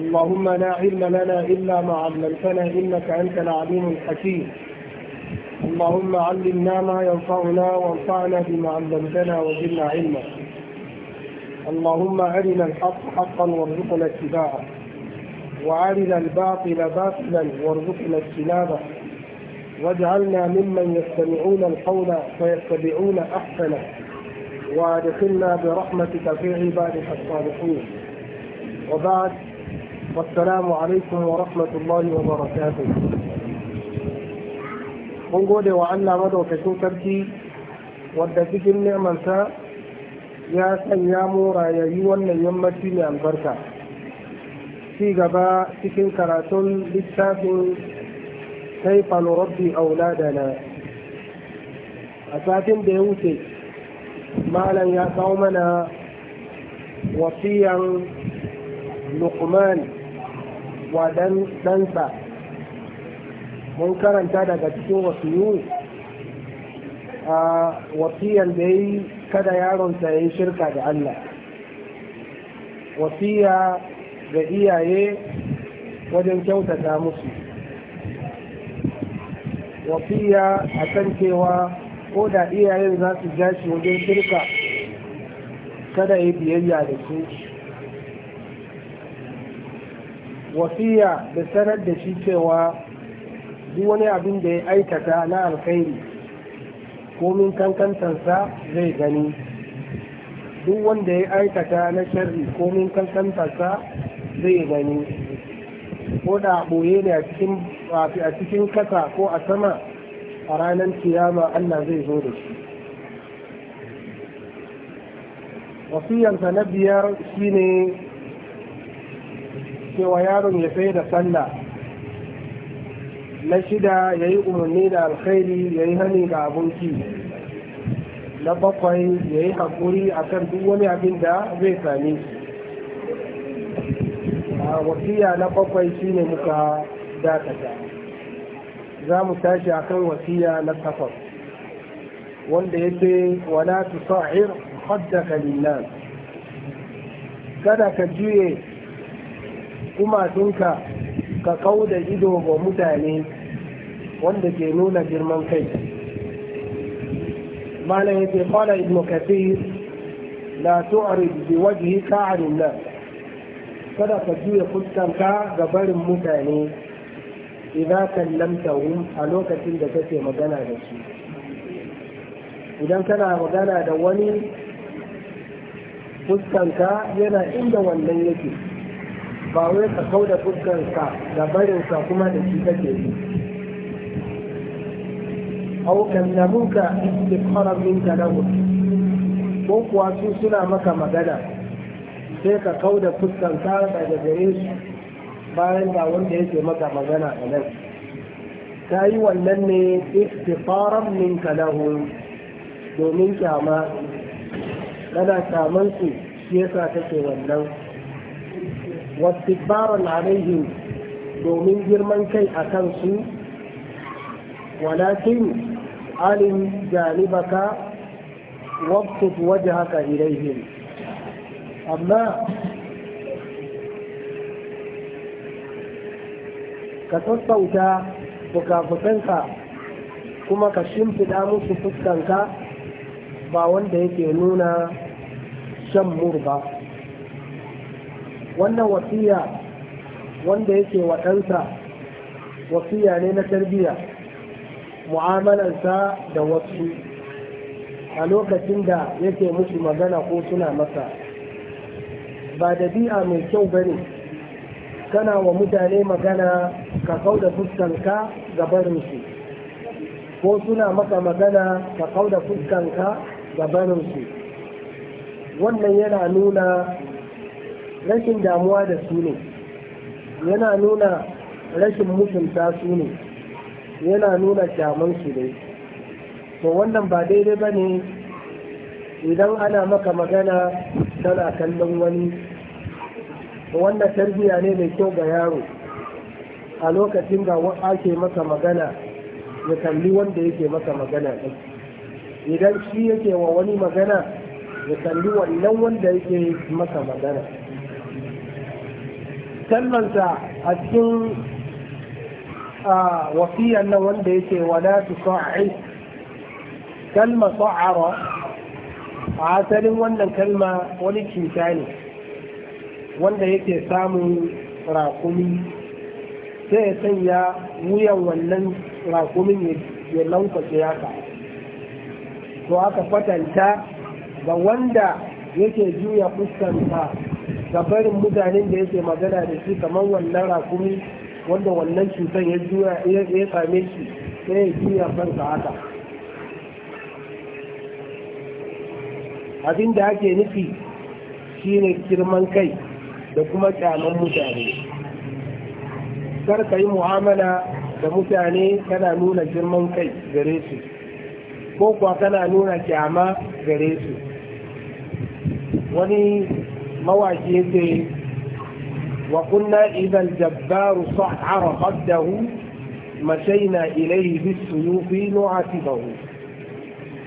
اللهم لا علم لنا إلا ما علمتنا إنك أنت العليم الحكيم اللهم علمنا ما ينفعنا وانفعنا بما علمتنا وزدنا علما اللهم أرنا الحق حقا وارزقنا اتباعه وأرنا الباطل باطلا وارزقنا اجتنابه واجعلنا ممن يستمعون القول فيتبعون أحسنه وادخلنا برحمتك في عبادك الصالحين وبعد والسلام alaikum wa rahmatullahi wa وبركاته mun gode wa Allah madaukakin sarki wadda cikin sa ya sanya mu rayayi wannan yammaci mai albarka ci gaba cikin karatun littafin kaifa nurabbi na. a satin da ya wuce malam ya kawo mana wasiyan lukman wa dan ɗansa mun karanta daga cikin wasu a wasiyan da ya yi kada yaronsa ya yi shirka da Allah wasiya ga iyaye wajen kyautata musu wasiya a kan cewa ko da iyayen za su ja shi wajen shirka kada ya biyayya da su wasiya da sanar da shi cewa duk wani abin da ya aikata na alkhairi komin kankantansa zai gani duk wanda ya aikata na sharri komin kankantansa zai gani ko da ɓoye ne a cikin kasa ko a sama a ranar kiyama allah zai zo da shi wasiyarsa na biyar shine cewa yaron ya sai da sallah na shida ya yi umarni da alkhairi ya yi hannun ga abinci na bakwai ya yi haƙuri a kan duk wani abin da zai sami a wasiya na bakwai shine muka dakata za mu tashi a kan wasiya na takwas wanda ya ce wala tusa'ir haddaka lillah kada ka juye kumatunka ka kau da ido ga mutane wanda ke nuna girman kai malam yake kwana ibn kathir la tu'rid bi wajhika ka an kada ka juya fuskanka ga barin mutane idan kallamtahum a lokacin da kake magana da su idan kana magana da wani fuskanka yana inda wannan yake ba wai ka kau da fuskarka da barinka kuma da shi kake yi au kallamuka istiqara minka lahu ko kuwa su suna maka magana sai ka kau da fuskarka daga gare su bayan ga wanda yake maka magana a nan ta yi wannan ne istiqaran minka lahu domin kyama kana kyaman su shi yasa kake wannan واستكبارا عليهم domin girman kai a kansu walakin alim janibaka wabtut wajhaka ilaihim amma ka sassauta fukafukanka kuma ka shimfiɗa musu fuskanka ba wanda yake nuna shan mur ba wannan wasiya wanda yake wa ɗansa wasiya ne na tarbiyya mu'amalarsa da wasu a lokacin da yake musu magana ko suna masa ba da bi'a mai kyau ba ne kana wa mutane magana ka kau da fuskanka ga barinsu ko suna maka magana ka kau da fuskanka ga barinsu wannan yana nuna rashin damuwa da su ne yana nuna rashin mutunta su ne yana nuna kyaman su ne to wannan ba daidai ba ne idan ana maka magana tana kallon wani wannan tarbiyya ne mai kyau ga yaro a lokacin ga ake maka magana ya kalli wanda yake maka magana ɗin idan shi yake wa wani magana ya kalli wannan wanda yake maka magana Kalmanta a cikin wasiyan nan wanda yake wala su sa'i kalma sa'ara a asalin wannan kalma wani cuta ne wanda yake samun rakumi sai ya sanya wuyan wannan rakumin ya lankwace haka to aka fatanta ga wanda yake juya fuskanta gabarin mutanen da yake magana da shi kamar wannan rakumi wanda wannan cutar ya juya ya same shi sai ya juya kansa haka abin da ake nufi shine girman kai da kuma kyaman mutane kar yi mu'amala da mutane kana nuna girman kai gare su ko kuwa kana nuna kyama gare su wani mawaki ce, wa kunna idan jabbaru sa'ara qaddahu mashaina ilayhi bisuyufi nu'atibahu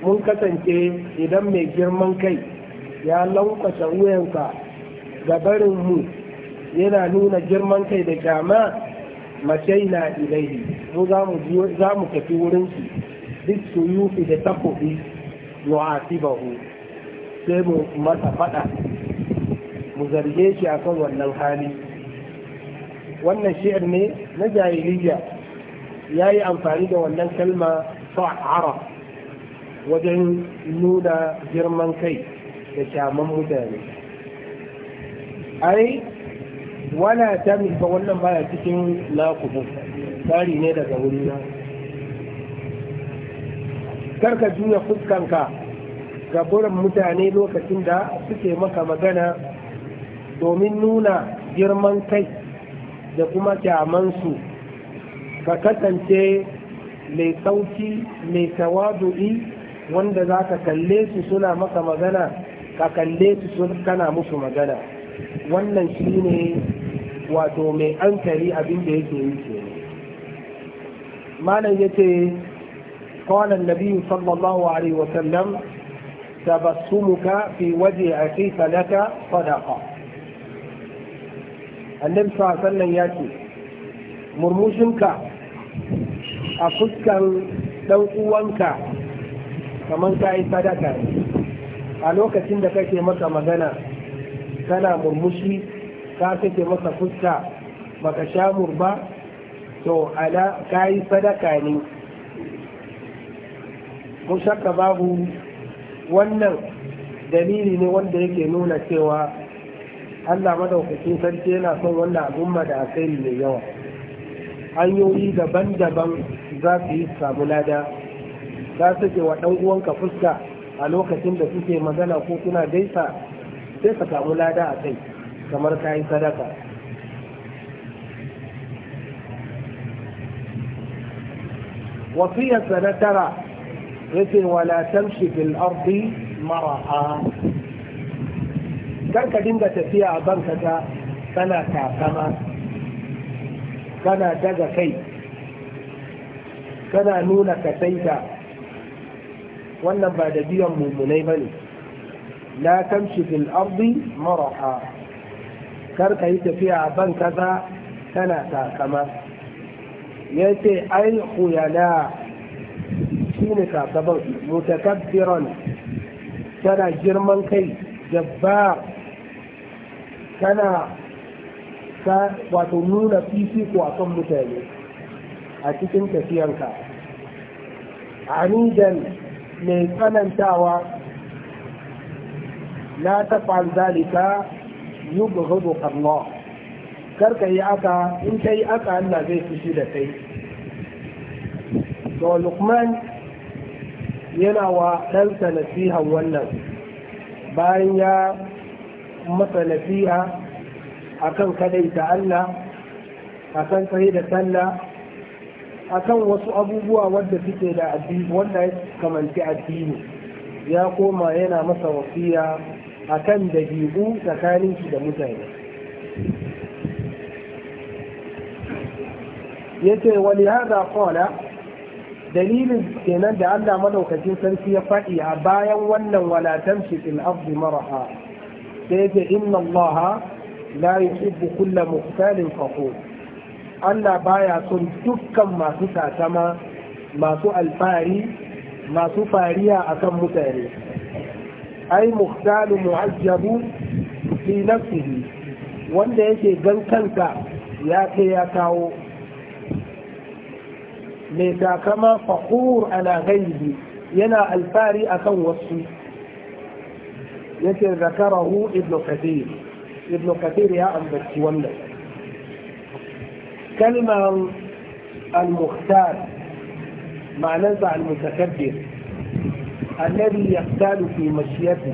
mun kasance idan mai girman kai ya lankwasa wuyanka ga barin mu yana nuna girman kai da kyama mashaina ilaihi mu za mu tafi wurin su duk su yufi da takobi yu'atibahu sai mu masa fada mu zarge shi akan wannan hali wannan shi'ar ne na jahiliya ya yi amfani da wannan kalma fa'ara wajen nuna girman kai da shaman mutane ai wala ta wannan baya cikin lakubu tari ne daga wurina karka juya fuskanka ga burin mutane lokacin da suke maka magana domin nuna girman kai da kuma kyamansu ka kasance mai sauki mai tawadu'i wanda za ka kalle su suna maka magana ka kalle su kana musu magana wannan shi ne wato mai ankari abin da yake yi ke malam ya ce قال النبي صلى الله عليه وسلم تبسمك waje a أخيك لك صدقه annabi sallan ya ce murmushinka a fuskan ɗan uwanka kamar ka yi sadaka a lokacin da kake masa magana kana murmushi ka kake masa fuska baka sha murba to ala ka yi sadaka ne ko shakka babu wannan dalili ne wanda yake nuna cewa Allah madaukakin sarki yana son wannan al'umma da alkhairi mai yawa hanyoyi daban-daban za su yi samu lada za su ke wa ɗan uwanka fuska a lokacin da suke magana ko suna gaisa sai ka samu lada a kai kamar ka yi sadaka wasiyarsa na tara ce wala tamshi fil ardi maraha kar ka dinga tafiya a banka ta kana takama kana daga kai kana nuna kasaita wannan ba da biyan mummunai ba ne Na tamshi fil ardi kar ka yi tafiya a ban kaza kana takama ya ce ai khuyala shine takaban mutakabbiran tana girman kai jabbar kana sa wato nuna fifiko a kan mutane a cikin tafiyanka anidan mai tsanantawa na tafal zalika yubghadu karno karka yi aka in yi aka Allah zai fushi da kai to Luqman yana wa ɗansa nasihan wannan bayan ya masa a akan kadaita Allah akan tsaye da sallah akan wasu abubuwa wadda suke da addini wanda ya kamanci addini ya koma yana masa wasiya akan dabi'u tsakanin shi da mutane Ya ce, wani hada kola dalilin kenan da Allah madaukakin sarki ya faɗi a bayan wannan wala tamshi fil ardi maraha sai ce inna Allah la yuhibbu kulla muhtalin fakhur Allah baya son dukkan masu tatama masu alfahari masu fariya akan mutane ai muhtalu mu'ajjabu fi nafsihi wanda yake gan kanka ya kai ya kawo mai takama fakhur ala gaibi yana alfari akan wasu yake zakarahu ibnu kathir ibnu kathir ya ambaci wannan kalmar al-mukhtar ma'anarsa al-mutakabbir alladhi yaqtalu fi mashyati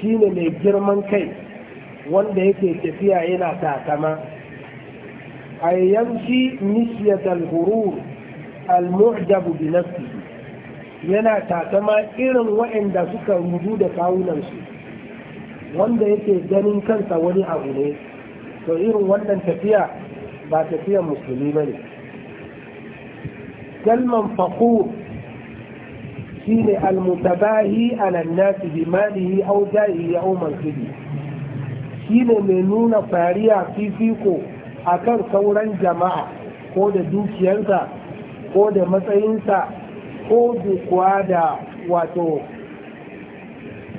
shine mai girman kai wanda yake tafiya yana takama ay yamshi mishyat al-ghurur al-mu'jabu bi nafsihi yana takama irin waɗanda suka rudu da kawunansu wanda yake ganin kansa wani abu ne to irin wannan tafiya ba tafiyar musulmi ba ne kalman faku shi ne almutabahi alannasi bi malihi au ya au mansubi shi ne mai nuna fariya fifiko a kan sauran jama'a ko da dukiyarsa ko da matsayinsa ko kuwa da wato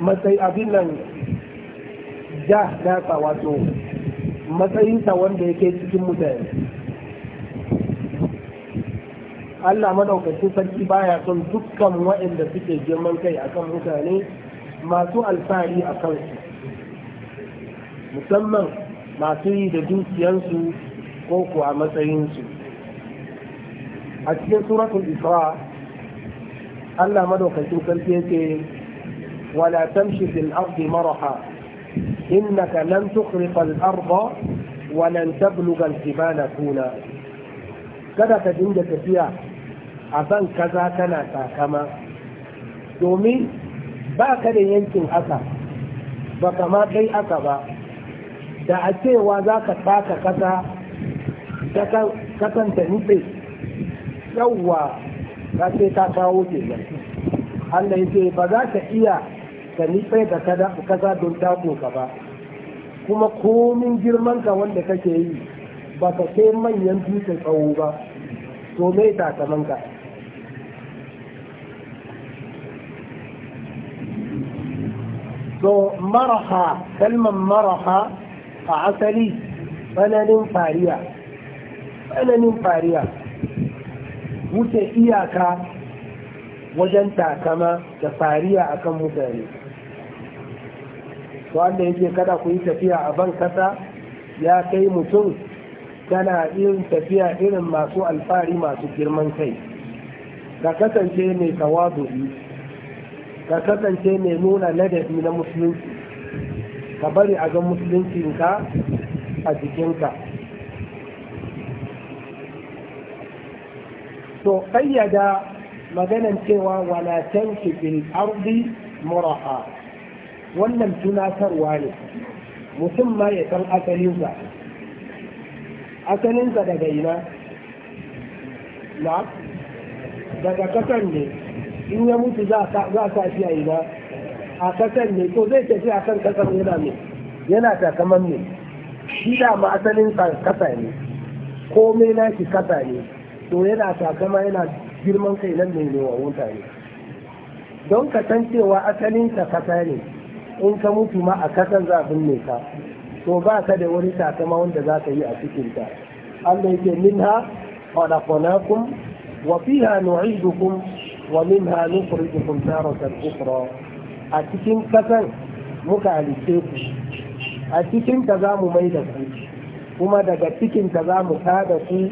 matsayi abin nan ja nasa wato matsayinsa wanda yake cikin mutane Allah madaukakin sarki baya son dukkan waɗanda suke girman kai akan mutane masu alfahari a kansu musamman masu yi da dukiyansu ko kuwa matsayinsu a cikin suratul isra' الله مدوك يتوكل ولا تمشي في الأرض مرحا إنك لن تخرق الأرض ولن تبلغ الجبال طولا كذا تجنجة فيها أبان كذا كنا تاكما يومي باك لي يمكن أكا بك ما كي أكا با دا أتي وذاك باك كذا كتن تنبي سوى ka ce ka kawo ke Allah yace ba za ka iya ka nitsai da kaza don tako ka ba kuma komin girman ka wanda kake yi ba ka kai manyan dutse tsawo ba to me saman ka so maraha kalmar maraha a asali tsananin fariya tsananin fariya wuce iyaka wajen takama da fariya akan mutane to wanda yake kada ku yi tafiya a ban kasa ya kai mutum tana irin tafiya irin masu alfari masu girman kai ka kasance mai tawazu'i ka kasance mai nuna ladabi na musulunci ka bari a ga musulunci ka a jikinka to kayyada maganan cewa wala tanki fil ardi muraha wannan tunatarwa ne mutum ma ya san asalinsa asalinsa daga ina na daga kasan ne in ya mutu za a sa shi a ina a kasan ne ko zai tafi a kan kasan yana ne yana takaman ne shi da ma asalin kasa ne komai na shi kasa ne to yana takama yana girman kai nan ne ne wa mutane don ka san cewa asalin ka kasa ne in ka mutu ma a kasan za binne ka to ba ka da wani takama wanda za ka yi a cikin ta Allah yake minha khalaqnakum wa fiha nu'idukum wa minha nukhrijukum taratan ukhra a cikin kasan muka halice ku a cikin ta za mu mai da ku kuma daga cikin ta za mu tada ku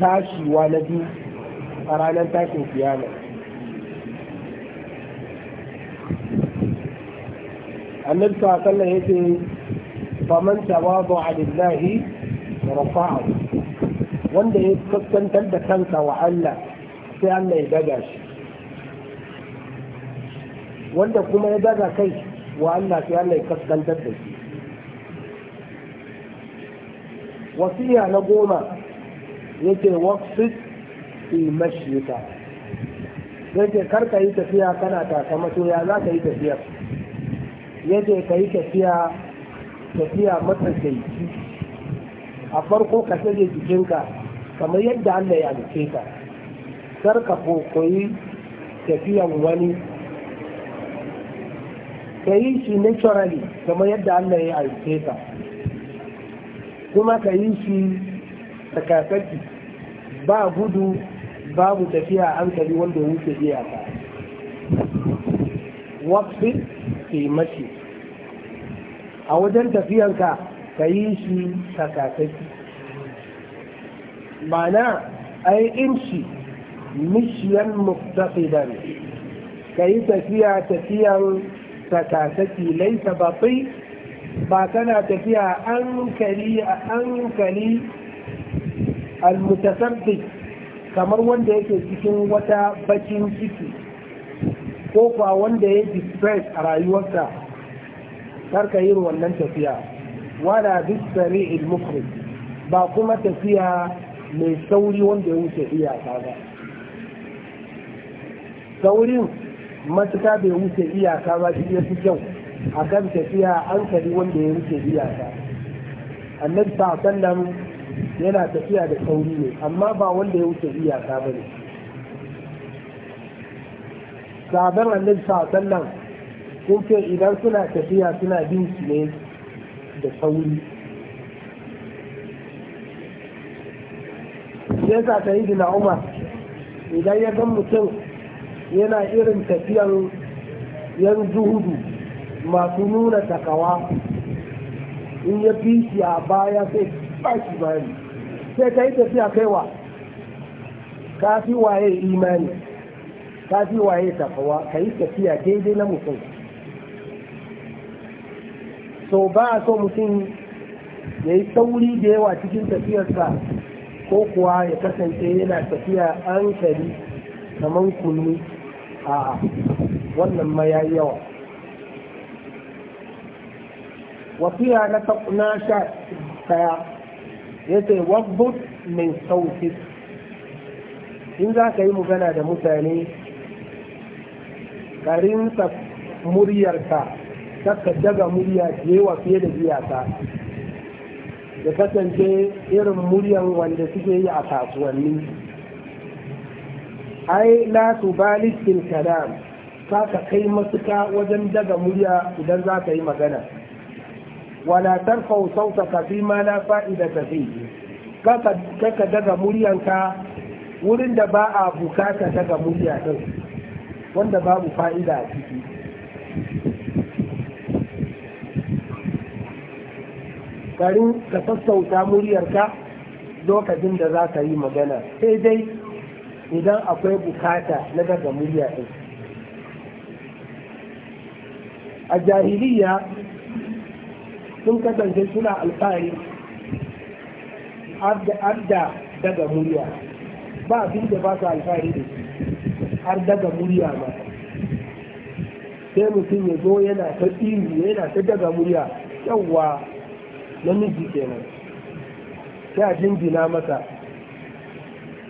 tashiwa na biyu a ranar tashin kiyama annabi sa sallan yace faman tawadu lillahi rafa'ahu wanda ya kaskantar da kansa wa Allah sai Allah ya daga shi wanda kuma ya daga kai wa Allah sai Allah ya kaskantar da shi wasiya na goma yake waqfit fi mashrika yake kar ka yi tafiya kana takamato ya za ka yi tafiya yake ka yi tafiya tafiya matsakaici a farko ka sage jikinka kamar yadda Allah ya halice ka karka ko koyi tafiyan wani ka yi shi naturally kamar yadda Allah ya halice ka kuma ka yi shi tsakasaki ba gudu babu tafiya an kari wanda ya wuce ka wafi ke mace a wajen tafiyanka ka yi shi mana ma'ana ai imshi mishiyan muftaqidan ka yi tafiya tafiyan tsakasaki laisa ba kana tafiya an a almutasabbik kamar wanda yake cikin wata bakin ciki ko kuwa wanda ya distress a rayuwarsa karka yi wannan tafiya wala bisari ilmukri ba kuma tafiya mai sauri wanda ya wuce iyaka ba saurin matuka bai wuce iyaka ba shi ya fi kyau a kan tafiya an wanda ya wuce iyaka annabi sallallahu yana tafiya da sauri ne amma ba wanda ya wuce iyaka ba ne sabon annabi sa'atan nan sun ce idan suna tafiya suna bin su ne da sauri yasa ta yi na umar idan ya gan mutum yana irin tafiyan yan zuhudu masu nuna takawa in ya fi shi a baya sai ba shi bari sai ka yi tafiya kaiwa ka fi waye imani ka fi waye tafawa ka yi tafiya daidai na mutum so ba a so mutum ya yi sauri da yawa cikin tafiyarsa ko kuwa ya kasance yana tafiya hankali kamar kunu a wannan maya yawa wasiya na sha daya yace wagbut min sauti in za ka yi magana da mutane karinsa muryarka ka daga murya wa fiye da iyaka da kasance irin muryan wanda suke yi a kasuwanni ai la tubalis bil kalam ka kai masuka wajen daga murya idan za ka yi magana wala tarfa sautaka fi ma la fa'idata fihi kaka daga muryanka wurin da ba a bukata daga murya din wanda babu fa'ida a ciki karin ka sassauta muryarka lokacin da za ka yi magana sai dai idan akwai bukata na daga murya din a jahiliya sun kasance suna alfahari adda daga murya ba abin da ba su alfahari da su har daga murya ma sai mutum ya zo yana ta iri yana ta daga murya yawwa namiji kenan sai a jingina masa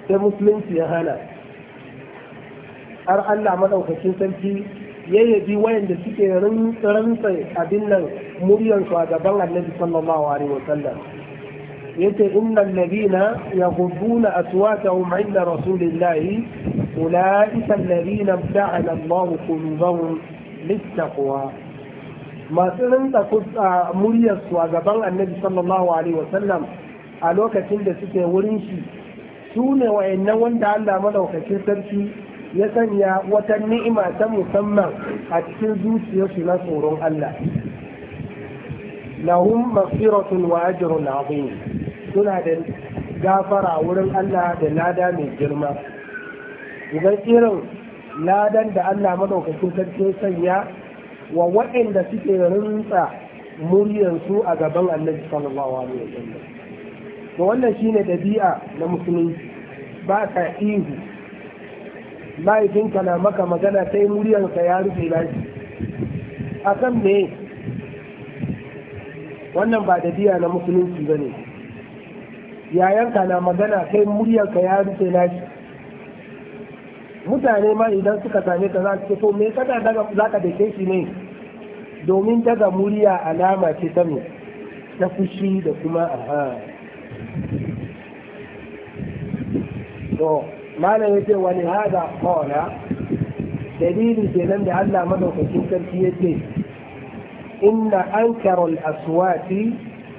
sai musulunci ya hana har Allah maɗaukacin sarki yayyabi wayanda suke rantsa abin nan muryansu a gaban annabi sallallahu alaihi wasallam yace innal ladina yaghudduna aswatahum 'inda rasulillahi ulaika alladhina ibta'ala Allah qulubahum littaqwa masu rinka muryarsu a gaban annabi sallallahu alaihi wasallam a lokacin da suke wurin shi su ne wayannan wanda Allah madaukakin sarki ya sanya wata ni'ima ta musamman a cikin zuciyarsu na tsoron Allah lahum maghfiratun wa ajrun azim suna da gafara wurin Allah da lada mai girma idan irin ladan da Allah madaukakin sarki sanya wa waɗanda suke rinsa muryarsu a gaban annabi sallallahu alaihi wasallam to wannan shine dabi'a na musulunci ba ka ihu mahaifinka na maka magana sai muryarsa ya rufe lashi akan me wannan ba da biya na musulunci ba ne yayanka na magana kai muryarka ya rufe nashi mutane ma idan suka same ka za su ce to me kada daga za ka dake shi ne domin daga murya alama ce ta me ta fushi da kuma aha to malam ya ce wani hada dalilin dalili kenan da Allah madaukakin sarki ya ce إن أنكر الأصوات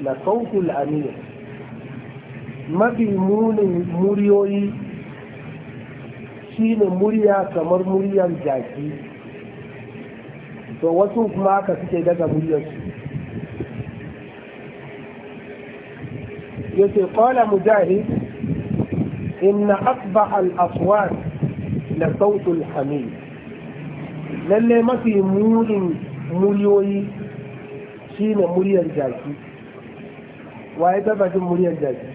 لصوت الأمير ما في مول مريوي شين مريا كمر مريا جاكي to wasu kuma aka suke daga muryarsu yace qala mujahid inna asbaha al-aswat la sautul hamid lalle mafi munin muryoyi shi ne muryar jaki waye taba jin muryar jaki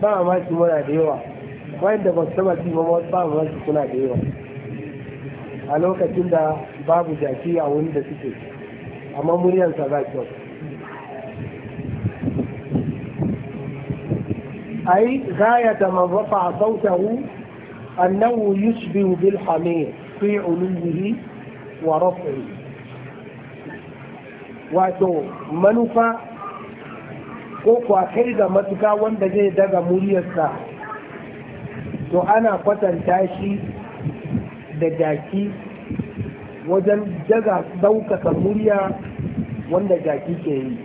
ba ma shi muna da yawa wanda ba su taba jin ba ma shi kuna da yawa a lokacin da babu jaki a wani da suke amma muryarsa ba kyau أي غاية من رفع صوته أنه يشبه بالحمير في علوه ورفعه wato manufa ko kwakai kai ga matuka wanda zai daga muryarsa to ana kwatanta shi da jaki wajen daga daukaka murya wanda jaki ke yi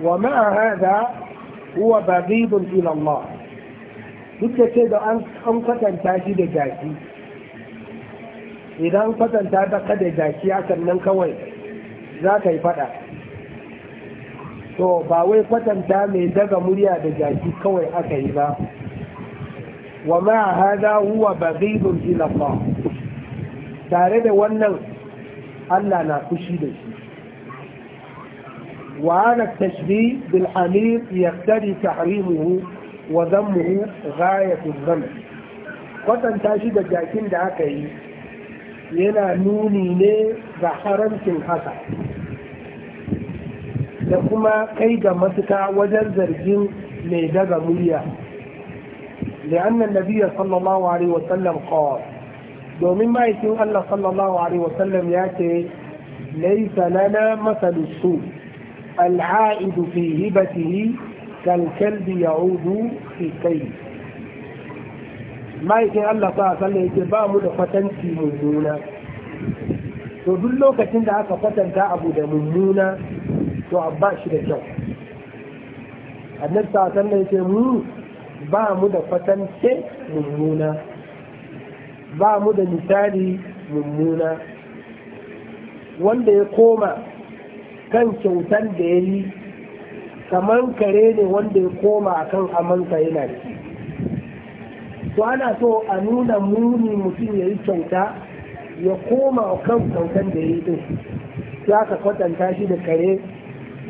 wa ma'a hada huwa baghidun ila duk da ce da an kwatanta shi da jaki idan kwatanta ka da jaki a nan kawai za ka yi faɗa to ba wai kwatanta mai daga murya da jaki kawai aka yi ba wa ma hada huwa baghidun ila Allah tare da wannan Allah na fushi da shi وهذا التشبيه بالحمير يقتضي تحريمه وذمه غاية الذنب Kwatanta shi da jakin da aka yi yana nuni ne ga haramcin haka da kuma kai ga mafita wajen zargin mai daga murya لأن النبي صلى الله عليه وسلم قال domin ma'aikin Allah sallallahu Alaihi wasallam ya ce laisa lana masalu su al'aidu fi hibatihi kalkalbi ya udu fi kai ma'aikin Allah sa sallallahu yake ba mu da kwatanci mummuna to duk lokacin da aka kwatanta abu da mummuna to ba shi da kyau annabta san alaihi mu ba mu da fatance mummuna ba mu da misali mummuna wanda ya koma kan kyautan da ya yi kamar kare ne wanda ya koma a kan amanka yana ci to ana so a nuna muni mutum ya yi kyauta ya koma kan kyautan da ya yi din ya ka kwatanta shi da kare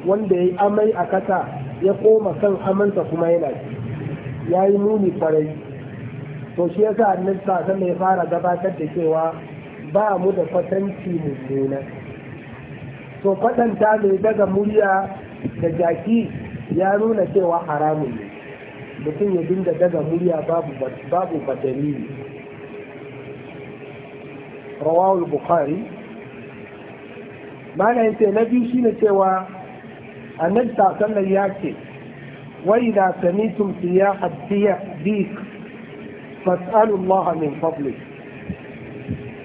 wanda ya yi amai a kasa ya koma kan amansa kuma yana ci ya yi muni kwarai to shi yasa annabi da ya fara gabatar da cewa ba mu da kwatanci mummuna to kwatanta mai daga murya da jaki ya nuna cewa haramun ne mutum ya dinga daga murya babu badalili rawawul bukhari mana yace na biyu shine cewa النبي صلى أنك تعتمد ياكي وإذا سميتم سياحة بي ديك فاسألوا الله من فضله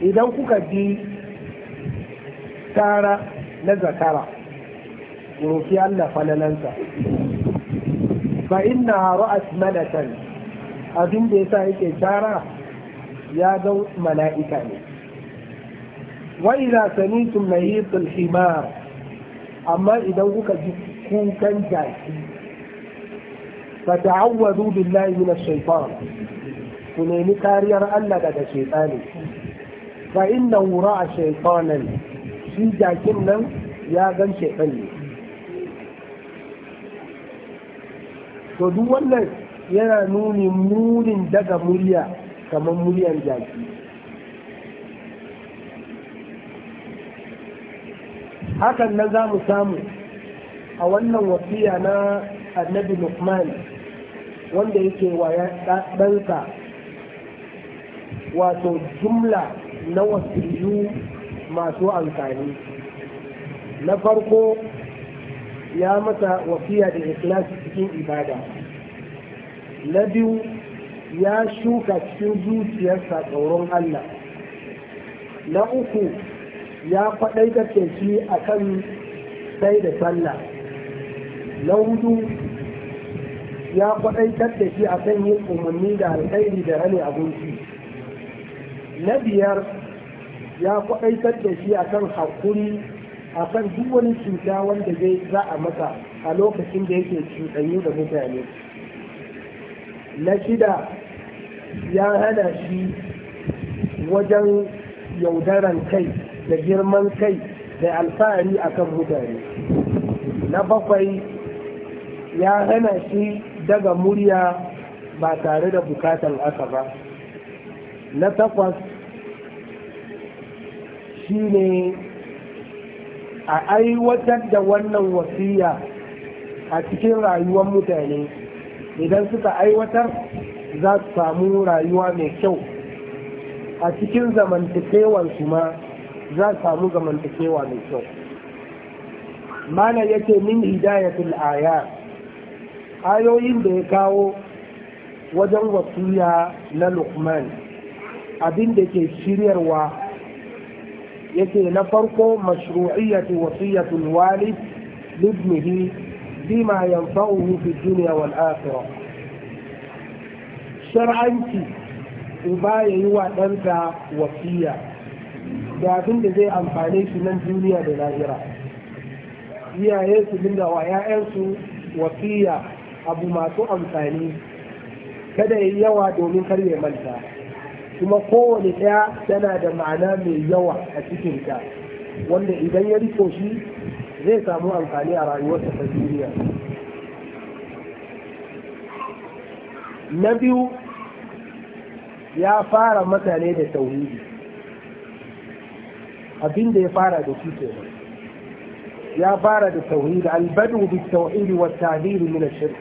إذا أخوك دي تارا نزكارا وفي الله فلا ننسى فإنها رأت ملكا أظن دي سايك تارا يا دو ملائكة وإذا سميتم مهيط الحمار amma idan kuka ji kukan jaki fata'awwadu billahi min ash-shaytan ku nemi kariyar Allah daga shaytani fa a ra'a shaytanan shi jakin nan ya gan shaytan ne to duk wannan yana nuni munin daga murya kamar muryan jaki hakan na za mu samu a wannan wasiya na annabi Luqman wanda yake wa ɗansa wato jumla na wasiyu masu amfani na farko ya masa wasiya da ikhlasi cikin ibada na biyu ya shuka cikin zuciyarsa tsoron Allah na uku ya faɗai da ke shi a kan sai da sallah na hudu ya faɗai da shi a kan yin umarni da alƙairi da hane abinci na biyar ya faɗai da shi a kan haƙuri a kan duk wani cuta wanda zai za a masa a lokacin da yake cuɗanyu da mutane na shida ya hana shi wajen yaudaran kai da girman kai da alfahari a kan mutane na bakwai ya hana shi daga murya ba tare da bukatan aka ba na takwas shi ne a aiwatar da wannan wasiya a cikin rayuwar mutane idan suka aiwatar za su samu rayuwa mai kyau a cikin su ma za a samu zamantakewa mai kyau mana yake min hidayatul aya ayoyin da ya kawo wajen wasiya na lukman abin da ke shiryarwa yake na farko mashru'iyyatu wasiyatul walid libnihi bima yanfa'uhu fi dunya wal akhirah shar'anci uba yayi wa ɗanta wasiya da abin da zai amfane su nan duniya da lahira iyaye su dinga wa 'ya'yansu wasiya abu masu amfani kada yi yawa domin kar ya manta kuma kowane ɗaya tana da ma'ana mai yawa a cikin ta wanda idan ya riko shi zai samu amfani a rayuwarsa ta duniya na biyu ya fara mutane da tauhidi abin da ya fara da shi ke ya fara da tauhid albadu bi tauhid wa tahdhir min ash-shirk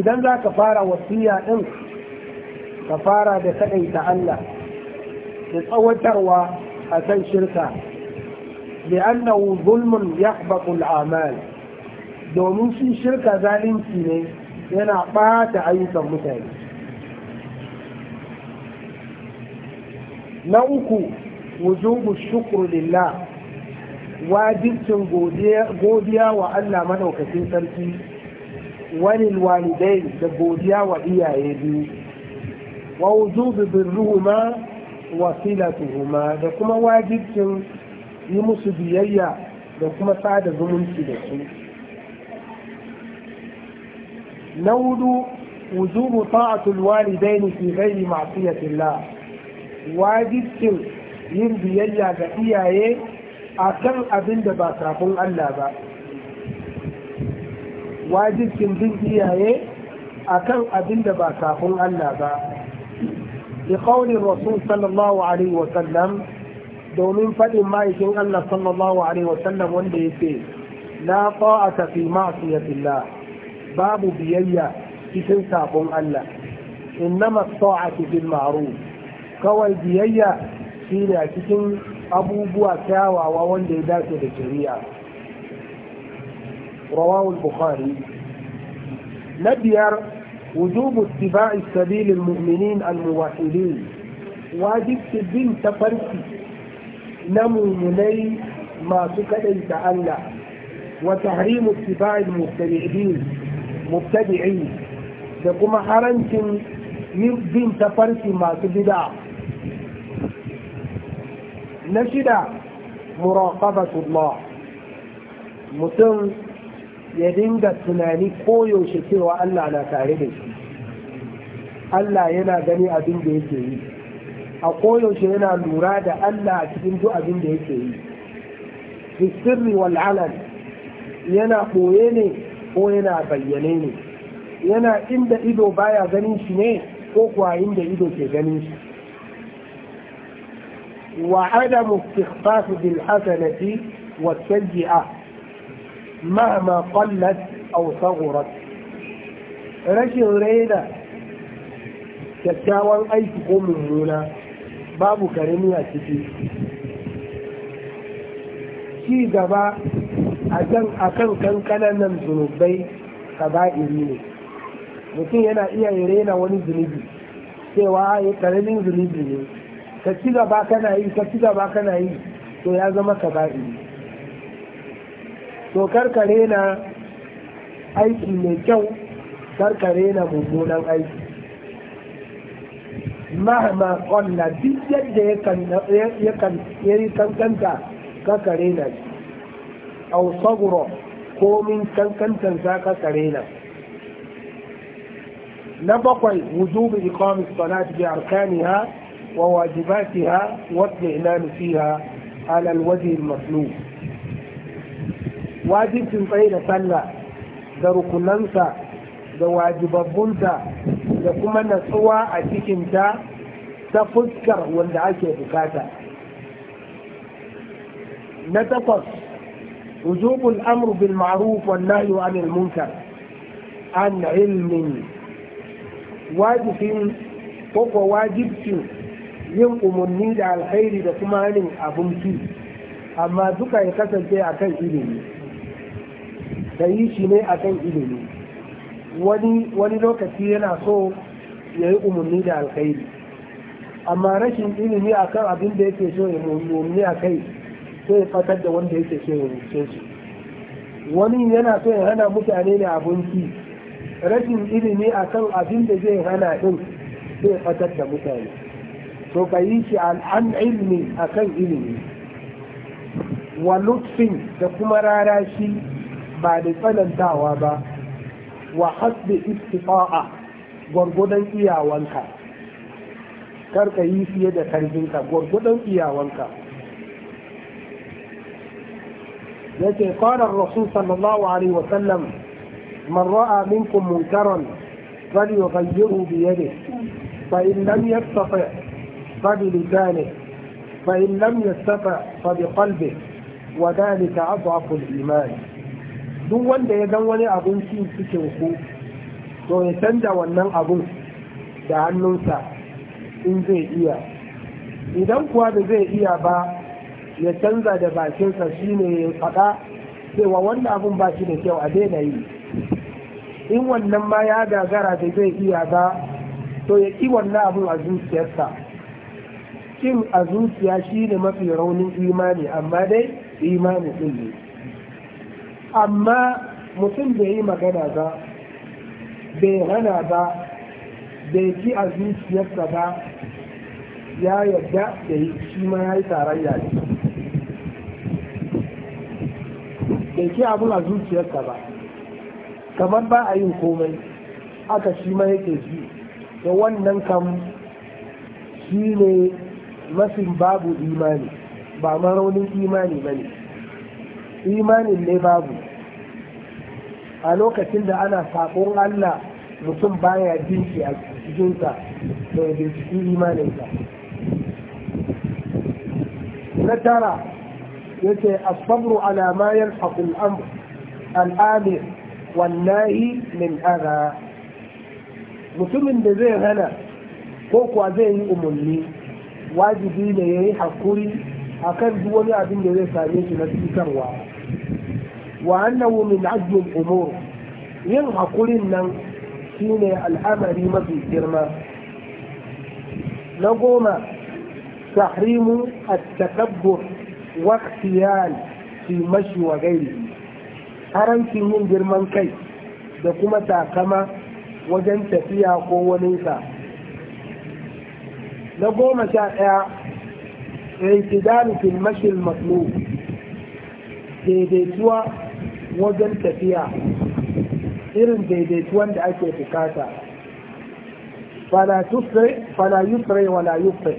idan zaka fara wasiya din ka fara da kadaita Allah da tsawatarwa a kan shirka لأنه ظلم يحبط الأعمال domin shi shirka zalunci ne yana ɓata ayyukan mutane na uku wujubu shukru lillah wajibcin godiya wa Allah madaukakin sarki wani walidai da godiya wa iyaye biyu wa wujubu birruhuma wa silatuhuma da kuma wajibcin yi musu biyayya da kuma sada zumunci da su na hudu wujubu ta'atul walidaini fi masu ma'siyatillah wajibcin yin biyayya ga iyaye a kan abin da ba sabon Allah ba wajibcin bin iyaye a kan abin da ba sabon Allah ba بقول الرسول صلى الله عليه وسلم domin faɗin ma'aikin Allah sallallahu Alaihi wasallam wanda ya ce, Na ta'ata fi ma'asiyatillah babu biyayya cikin sabon Allah, innama ta'atu bil ma'ruf kawai biyayya shi ne a cikin abubuwa kyawawa wanda ya dace da shari'a rawawul bukhari na biyar wujubu tiba'i sabilin mu'minin al-muwahidin wajibci bin tafarki na mummunai masu kaɗai da Allah wa tahrimu tiba'i mubtadi'in mubtadi'in da kuma harancin bin tafarki masu bid'a na shida muraqabatullah mutum ya dinga tunani koyaushe cewa Allah na tare da shi Allah yana gani abin da yake yi a koyaushe yana lura da Allah a cikin duk abin da yake yi bisirri wal yana ɓoye ne ko yana bayyane ne yana inda ido baya ganin shi ne ko kuwa inda ido ke ganin shi وعدم استخفاف بالحسنه والسيئه مهما قلت او صغرت رجل رينا كتاوان اي تقوم هنا باب كرمي اتكي شي جبا اكن اكن كان كان نم ذنوبي قبائل لي لكن هنا اي رينا وني ذنوبي سوى اي ka ci gaba kana yi ka ci gaba kana yi to ya zama ka ni. to karkare na aiki mai kyau karkare na mummunan aiki mahama na duk yadda ya yi kankanta kakare na shi au kankantar za ka kakare na na bakwai wujubi ikomis salat bi ha. وواجباتها والإعلان فيها على الوجه المطلوب واجب تنطيل سلة ذرق ننسى ذواجب بنتا لكم أن سوى أتكمتا تفكر واندعاك بكاتا نتقص وجوب الأمر بالمعروف والنهي عن المنكر عن علم واجب فوق واجب yin umarni da alkhairi da kuma hanin abinci amma duka ya kasance a kan ilimi da yi shi ne a kan ilimi wani lokaci yana so ya yi umarni da alkhairi amma rashin ilimi a kan abin da yake so ya umarni a kai sai ya fatar da wanda yake so ya umarce shi wani yana so ya hana mutane ne abinci rashin ilimi a kan abin da zai hana ɗin sai ya fatar da mutane تبايش عن عن علمي أكن علمي ولطف تكما راشي بعد فلن تعوابا وحسب استطاعة غرغدن إياوانكا كارك يسي يدى خريبينكا غرغدن إياوانكا لكي قال الرسول صلى الله عليه وسلم من رأى منكم منكرا فليغيره بيده فإن لم يستطع فبلسانه فإن لم يستطع فبقلبه وذلك أضعف الإيمان duk wanda ya gan wani abun ci cikin ku to ya canza wannan abun da hannunsa in zai iya idan kuwa da zai iya ba ya canza da bakinsa shine ya faɗa cewa wannan abun ba shi da kyau a daina yi in wannan ma ya gagara da zai iya ba to ya ƙi wannan abun a zuciyarsa kin a zuciya shi ne mafi raunin imani amma dai imani ɗin ne amma mutum bai yi magana ba bai hana ba bai ki a zuciyarsa ba ya yarda da shi ma ya yi tarayya ne bai ki abin a zuciyarsa ba kamar ba a yin komai aka shi ma yake ji da wannan kam shi ne mafin babu imani ba ma raunin imani ba ne imanin ne babu a lokacin da ana saƙon Allah mutum baya jinki a cikinsa da ya binciki imaninsa na tara yace asabru alamayar ma yalhaqu al-amr min adha mutumin da zai hana ko kuwa zai yi umarni wajibi ne ya yi haƙuri a kan duk wani abin da zai same shi na cutarwa wa annahu min azmin umur yin haƙurin nan shine al'amari mafi girma na goma tahrimu at-takabbur wa ikhtiyal fi mashi wa gairi haramcin yin girman kai da kuma takama wajen tafiya ko waninsa na goma sha ɗaya اعتدال في المشي المطلوب daidaituwa wajen tafiya irin daidaituwan da ake bukata fala yusre wala yusre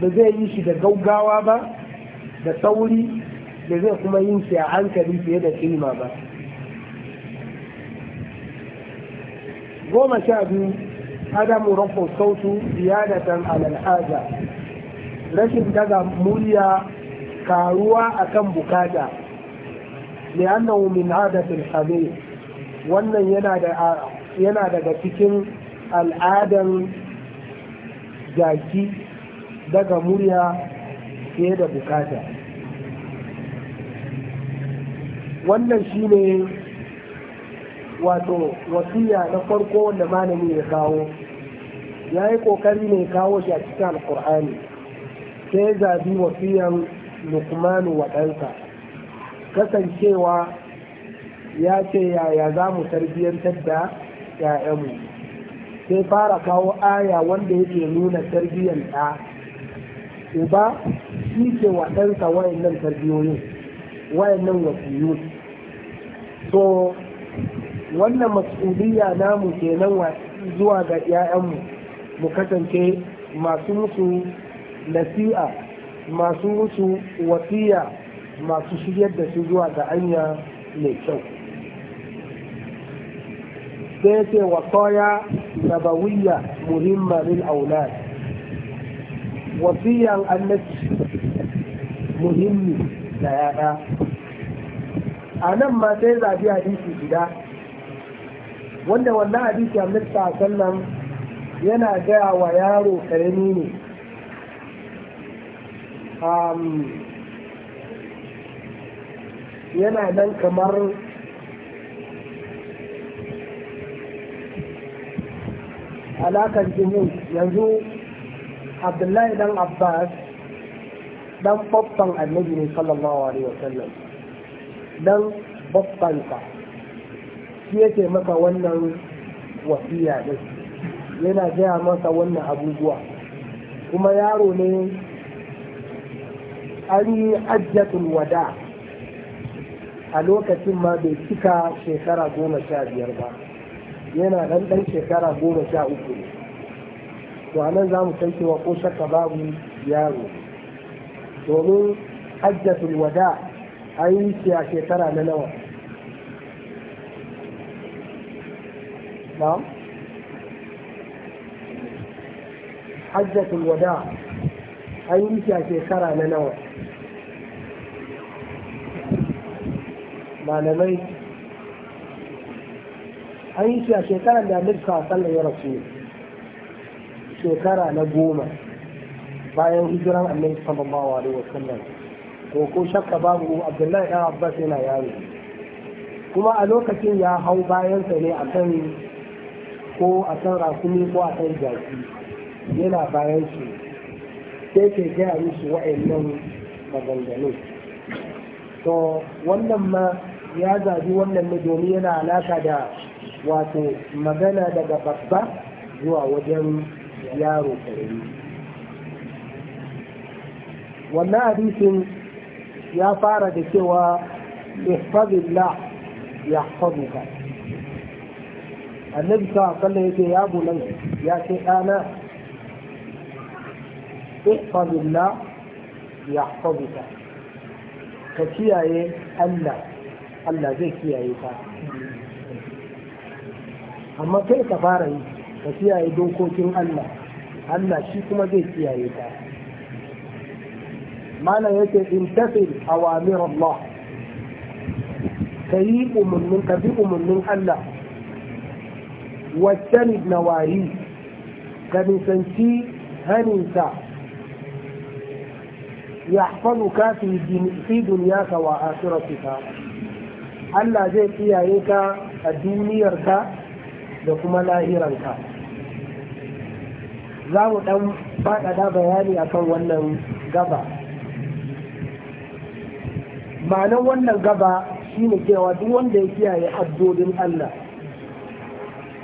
da zai yi shi da gaugawa ba da sauri da zai kuma yin shi a hankali fiye da kima ba goma sha biyu adamu rafo sautu ziyadatan alal haja rashin daga murya karuwa akan bukata li annahu min adatil hadi wannan yana da yana daga cikin al'adan jaki daga murya fiye da bukata wannan shine ne wato wasiya na farko wanda malami ya kawo ya yi kokari ne kawo shi a cikin alkur'ani sai zabi wasiyan lukmanu wa ɗansa kasancewa ya ce yaya za mu tarbiyyantar da 'ya'yanmu sai fara kawo aya wanda yake nuna tarbiyyar ɗa uba shi ke wa ɗansa wayannan tarbiyoyin wayannan wasiyun so wannan mas'uliyya namu kenan zuwa ga 'ya'yanmu mu kasance masu musu nasi'a masu musu wasiya masu shigar da su zuwa ga anya mai kyau sai ce wasaya nabawiyya muhimma lil wasiyan annabi muhimmi da yada a nan ma sai zabi hadisi gida. wanda wannan hadisi a mista sannan yana gaya wa yaro karami ne yana nan kamar alakan jini yanzu abdullahi dan abbas dan babban annabi ne sallallahu alaihi wasallam dan babban sa shi yake maka wannan wasiya ɗin yana gaya masa wannan abubuwa kuma yaro ne an yi ajjatul wada a lokacin ma bai cika shekara goma sha biyar ba yana ɗan ɗan shekara goma sha uku ne to a nan za mu san cewa ko shakka babu yaro domin hajjatul wada an yi shi a shekara na nawa نعم حجة الوداع أي شيء شكرا لنوى malamai an yi shi a shekarar da Amir Sassan ya rasu shekara na goma bayan hijiran Annabi sallallahu alaihi wasallam ko ko shakka babu Abdullahi ɗan Abbas yana yaro kuma a lokacin ya hau bayansa ne akan ko a kan rakumi ko a kan jaki yana bayan su sai ke gaya musu wa'annan maganganu, to wannan ma ya zabi wannan ne domin yana alaka da wato magana daga babba zuwa wajen yaro kare wannan hadisin ya fara da cewa ihfazillah yahfazuka النبي صلى الله عليه وسلم يا بني يا شيخ انا احفظ الله يحفظك كشيعي الا الا زي كيعي اما كيف فاري كشيعي دون كوكين الا الا شيخ ما زي كيعي ما لا يجب ان اوامر الله كيف أمم من من كبير من من الله Waccan nawari ka nisanci haninsa ya fanu kafi fi ka wa asiratuka Allah zai kiyaye ka a duniyarka da kuma lahiranka za mu ɗan faɗaɗa bayani akan wannan gaba ma'anar wannan gaba shine cewa duk wanda ya kiyaye haddodin Allah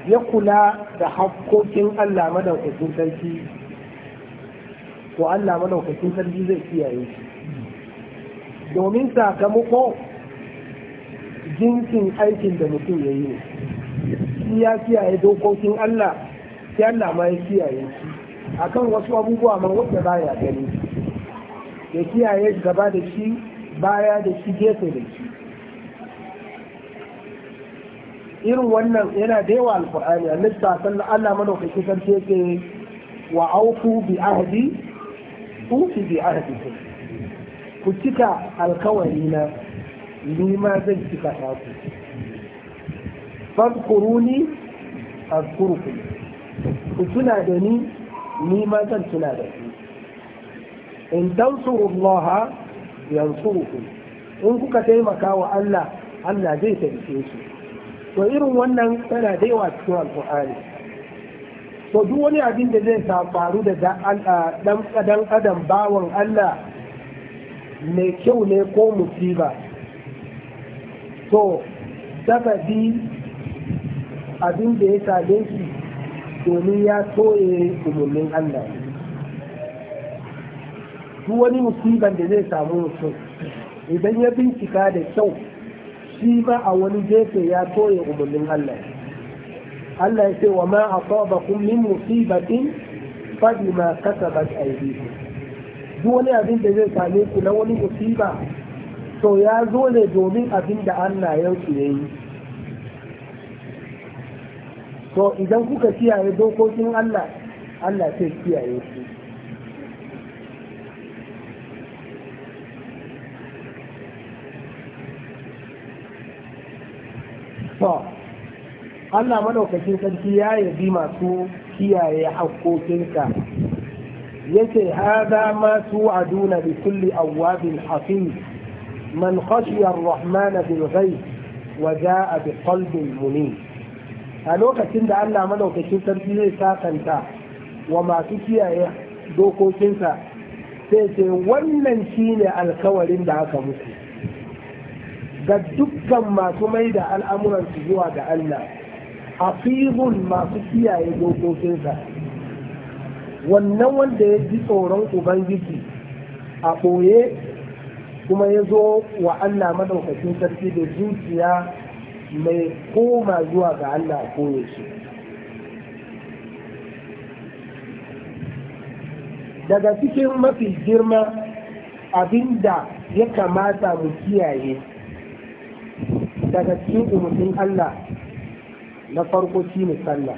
ya kula da hakkokin Allah madaukakin sarki ko Allah madaukakin sarki zai kiyaye shi domin sakamako jinsin aikin da mutum ya yi ne ya kiyaye dokokin Allah sai Allah ma ya kiyaye shi akan wasu abubuwa man wanda baya gani ya kiyaye gaba da shi baya da shi gefe da shi irin wannan yana da yawa alkur'ani lissa sannan Allah madaukaki sarki ke wa aufu bi ahdi ufi bi ahdi ku cika alkawari na ni ma zan cika ta ku fadkuruni azkurkum ku tuna da ni ni ma zan tuna da ku in tansurullaha yansurukum in kuka taimaka wa Allah Allah zai taimake su to irin wannan tana da yawa cikin alkur'ani to duk wani abin da zai faru da dan adam adam bawan Allah mai kyau ne ko musiba to bi abin da ya same shi domin ya soye umarnin Allah duk wani musiban da zai samu mutum idan ya bincika da kyau shi ba a wani gefe ya toye umarnin Allah Allah ya ce wa ma a kun min musibatin ba bima yi biyu, duk wani abin da zai same ku na wani musiba to ya zo ne domin abin da Allah ya yi to idan kuka kiyaye dokokin Allah Allah sai kiyaye su to Allah madaukakin sarki ya yabi masu kiyaye hakkokinka yace hada masu aduna bi kulli awwabin hafiz man khashiya ar bil ghaib wa jaa bi qalbin munib a lokacin da Allah madaukakin sarki zai sakanta wa masu kiyaye dokokinsa sai ce wannan shine alkawarin da aka muku. ga dukkan masu mai da al'amuransu zuwa ga Allah hafizun masu kiyaye dokokinsa wannan wanda ya ji tsoron ubangiji a ɓoye kuma ya zo wa Allah madaukakin sarki da zuciya mai koma zuwa ga Allah a koye shi daga cikin mafi girma abinda ya kamata mu kiyaye daga cikin umarnin Allah na farko shi ne sallah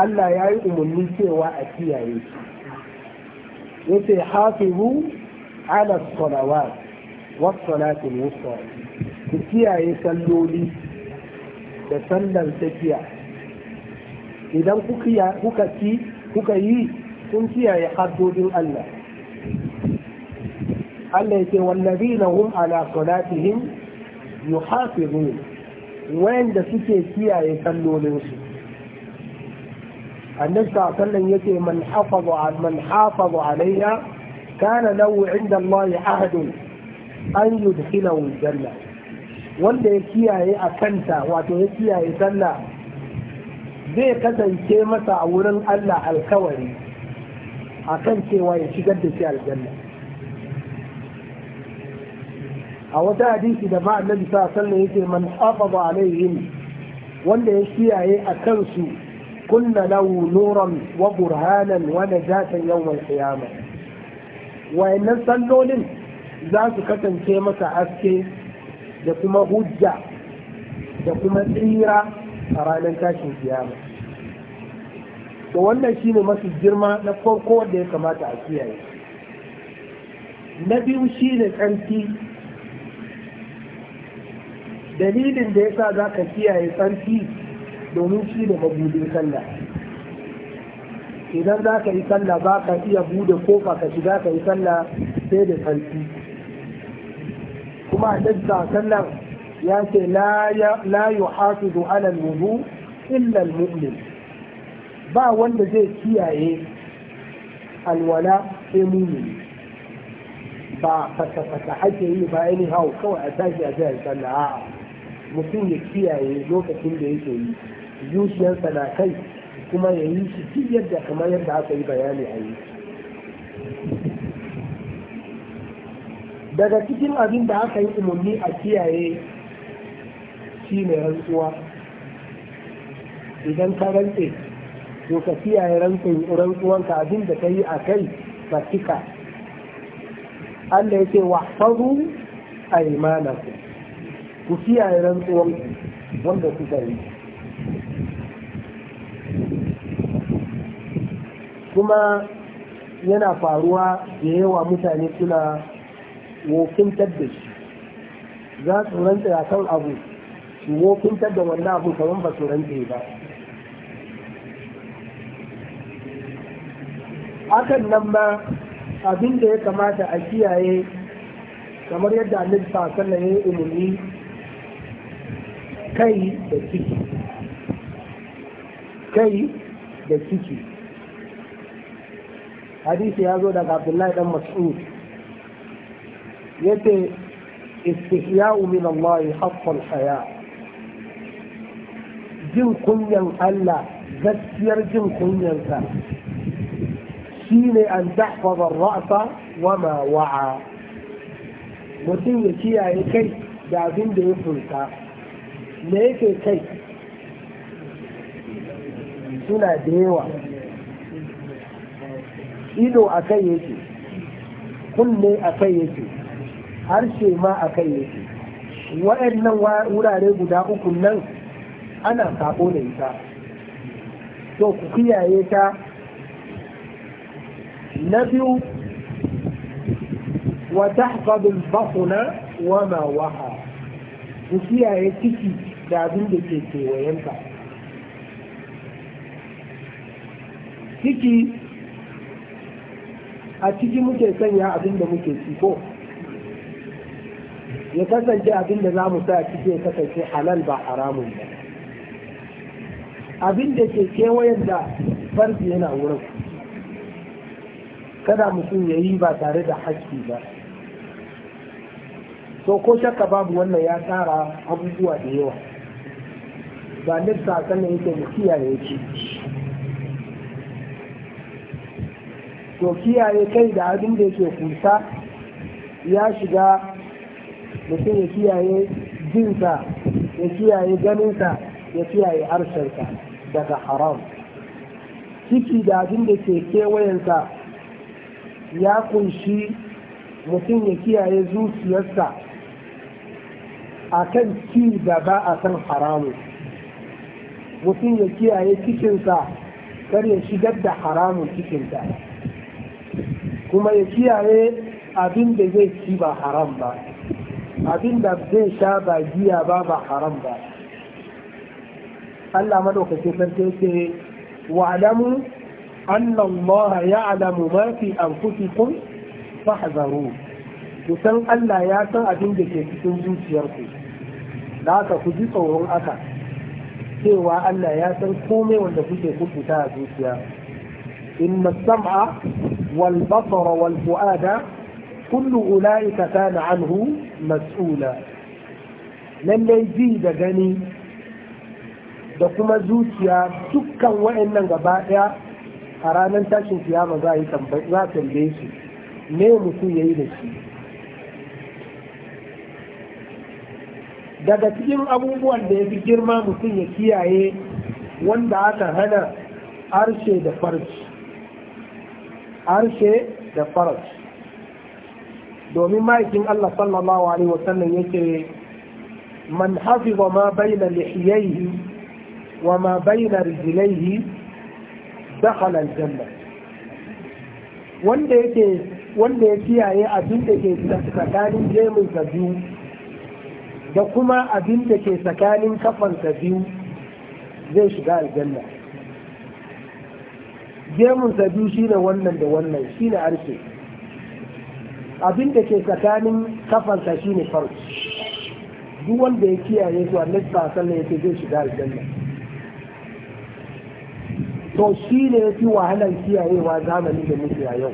Allah ya yi umarni cewa a kiyaye shi yace hafizu ala salawat was salatul wusta ku kiyaye salloli da sallar tafiya idan kuka yi kun kiyaye haddodin Allah Allah yake wallazina hum ala salatihim yuhafizun wayanda suke kiyaye sallolin su annabi sallallahu yake man hafaza man hafaza alayha kana lahu inda Allah ahadun an yudkhilahu aljanna wanda ya kiyaye a kanta wato ya kiyaye sallah zai kasance masa a wurin Allah alkawari akan cewa ya shigar da shi aljanna a wata hadisi da ba annabi sa sallan yake man afada alaihim wanda ya kiyaye a kansu kunna lahu nuran wa burhanan wa najatan yawmal qiyamah wayannan sallolin za su kasance masa aske da kuma hujja da kuma tsira a ranar tashin kiyama to wannan shine masu girma na farko da ya kamata a kiyaye na biyu shine ƙarfi dalilin da yasa za ka kiyaye tsarki domin shi da mabudin sallah idan za ka yi sallah ba ka iya bude kofa ka shiga ka yi sallah sai da tsarki kuma a ɗansa sallan ya ce la yuhafizu ala al-wudu illa mumin ba wanda zai kiyaye alwala sai mumini ba fata-fata ake yi ba hau kawai a tashi a sai sallah a'a mutum ya kiyaye lokacin da yake yi zuciyarsa na kai kuma ya yi shi duk yadda kamar yadda aka yi bayani a yi daga cikin abin da aka yi umarni a kiyaye shi ne rantsuwa idan ka rantse to ka kiyaye rantsuwanka abin da ka yi a kai ka cika Allah ya ce wa faru a imanaku ku kiyaye rantsuwar wanda kuka yi kuma yana faruwa da yawa mutane suna wofintar da shi za su rantsa a kan abu su wofintar da wannan abu kamar ba su rantsa ba akan nan ma abin da ya kamata a kiyaye kamar yadda annabi sallallahu alaihi umarni kai da ciki kai da ciki hadisi ya zo daga abdullahi dan mas'ud yace istihya'u min Allah haqqal haya jin kunyan Allah gaskiyar jin kunyansa shine an tahfaza rasa wa ma wa'a mutum ya kiyaye kai da abin da ya furta da yake kai suna da yawa ido a kai yake kunne a kai yake harshe ma a kai yake waɗannan wurare guda uku nan ana sako da ita to ku kiyaye ta na biyu wata tahfadul bakuna wa ma waha ku kiyaye ciki da abin da ke kewayenta ciki a ciki muke sanya abin da muke ci ko ya kasance abin da za mu sa ciki ya kasance halal ba haramun ba abin da ke kewayen da farfi yana wurin kada mutum ya yi ba tare da haƙƙi ba so ko shakka babu wannan ya tsara abubuwa da yawa ba duk sasan da yake da kiyaye shi to kiyaye kai da abin da yake kusa ya shiga mutum ya kiyaye jinsa ya kiyaye ganinsa ya kiyaye harshensa daga haram ciki da abin da ke kewayensa ya kunshi mutum ya kiyaye zuciyarsa a kan ci da ba a san haramun mutum ya kiyaye cikinsa kar ya shigar da haramun cikinsa kuma ya kiyaye abin da zai ci ba haram ba abin da zai sha ba giya ba ba haram ba Allah madaukake sarki yake annan anna ya alamu mafi fi anfusikum fahzaru ku san Allah ya san abin da ke cikin zuciyarku da haka ku ji tsoron aka cewa Allah ya san komai wanda kuke kubuta a zuciya inna sam'a wal basara wal fu'ada kullu ulaika kana anhu mas'ula lallai ji da gani da kuma zuciya dukkan wa'annan gaba daya a ranar tashin kiyama za a tambaye su me mutum yayi da shi daga cikin abubuwan da ya fi girma mutum ya kiyaye wanda aka hana harshe da farci arshe da farci domin ma'aikin Allah sallallahu alaihi wasallam yake man hafiza ma bayyana lihiyaihi wa ma bayyana rijlaihi dakhala aljanna wanda yake wanda ya kiyaye abin da ke tsakanin jemin biyu da kuma abin da ke tsakanin kafansa biyu zai shiga aljanna gemunsa biyu shine wannan da wannan shine arshe abin da ke tsakanin kafansa shine farko duk wanda ya kiyaye su a sallallahu ya wasallam zai shiga aljanna to shi ne ya fi wahalar kiyayewa zamanin da muke a yau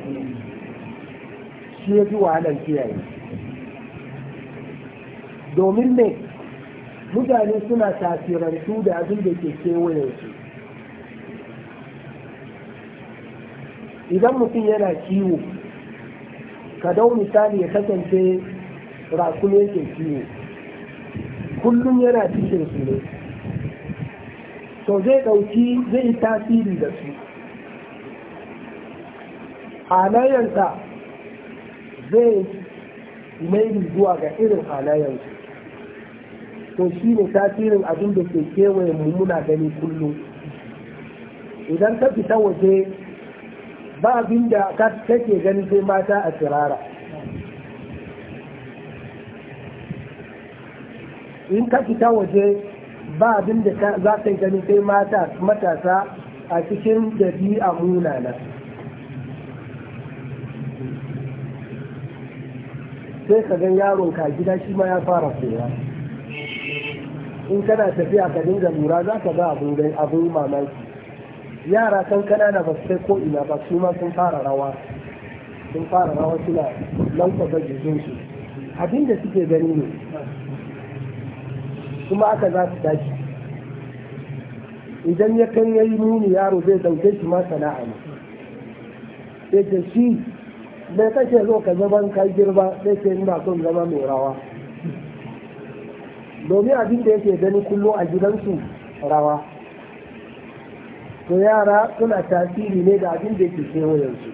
shi ya fi wahalar kiyaye domin ne mutane suna tasirantu da abin da ke kewayensu idan mutum yana kiwo ka dau misali ya kasance rakun yake kiwo kullum yana cikin su ne to zai ɗauki zai yi tasiri da su halayensa zai maili zuwa ga irin halayensu to shi ne tasirin abin da ke kewaye mu muna gani kullum idan ka fita waje ba abin da kake gani sai mata a tsirara in ka fita waje ba abin da za ka gani sai mata matasa a cikin a munana sai ka gan yaron ka gida shi ma ya fara koya in kana tafiya ka dinga lura za ka ga abin abin mamaki yara kan kanana ba sai ko ina ba su ma sun fara rawa sun fara rawa suna lankwasa su. abin da suke gani ne kuma aka za su tashi idan ya kan yayi nuni yaro zai dauke shi ma sana'a ne sai ce shi bai kashe zo ka zaban kai girba sai ce ina son zama mai rawa domin abin da yake gani kullum a gidansu rawa to yara suna tasiri ne da abin da yake kewayensu